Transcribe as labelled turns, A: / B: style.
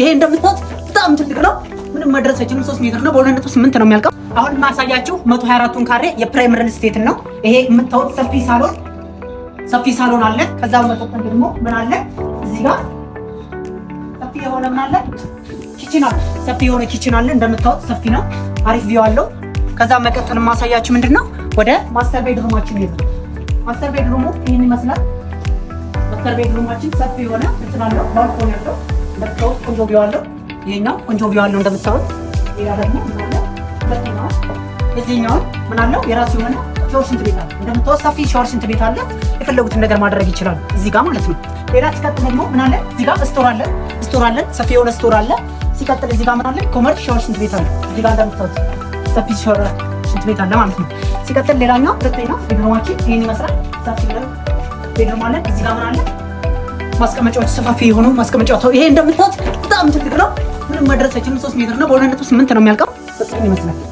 A: ይሄ እንደምታዩት በጣም ትልቅ ነው። ምንም መድረስ አይችልም። 3 ሜትር ነው። በሁለት ነጥብ ስምንት ነው የሚያልቀው። አሁን ማሳያችሁ 124ቱን ካሬ የፕራይም ሪል ስቴት ነው። ይሄ የምታዩት ሰፊ ሳሎን ሰፊ ሳሎን አለ። ከዛ በመቀጠል ደግሞ ምን አለ እዚህ ጋር ሰፊ የሆነ ምን አለ ኪችን አለ። ሰፊ የሆነ ኪችን አለ። እንደምታዩት ሰፊ ነው። አሪፍ ቪው አለው። ከዛ መቀጠል ማሳያችሁ ምንድነው ወደ ማስተር ቤድሩማችን ይሄ ማስተር ቤድሩሙ ይሄን ይመስላል። ማስተር ቤድሩማችን ሰፊ የሆነ እንትን አለው ባልኮን ያለው መጥተውት ቆንጆ አለው ይሄኛው ቆንጆ ቢዋለው እንደምታወት ሌላ ደግሞ ምናለው ሁለተኛው ምናለው የራሱ የሆነ ሻወር ሽንት ቤት አለ። እንደምታወት ሰፊ ሻወር ሽንት ቤት አለ። የፈለጉትን ነገር ማድረግ ይችላሉ እዚህ ጋር ማለት ነው። ሌላ ሲቀጥል ደግሞ ምናለ እዚህ ጋር ስቶር አለ ስቶር አለ ሰፊ የሆነ ስቶር አለ። ሲቀጥል እዚህ ጋር ምናለ ኮመር ሻወር ሽንት ቤት አለ። እዚህ ጋር እንደምታወት ሰፊ ሻወር ሽንት ቤት አለ ማለት ነው። ሲቀጥል ሌላኛው ሁለተኛው ቤድሮማችን ይህን ይመስላል። ሰፊ ቤድሮም አለ። እዚህ ጋር ምናለ ማስቀመጫዎች ሰፋፊ የሆኑ ማስቀመጫዎች ይሄ እንደምታዩት በጣም ትልቅ ነው። ምንም መድረሳችን ሶስት ሜትር ነው። በሁለት ነጥብ ስምንት ነው የሚያልቀው። በጣም ይመስላል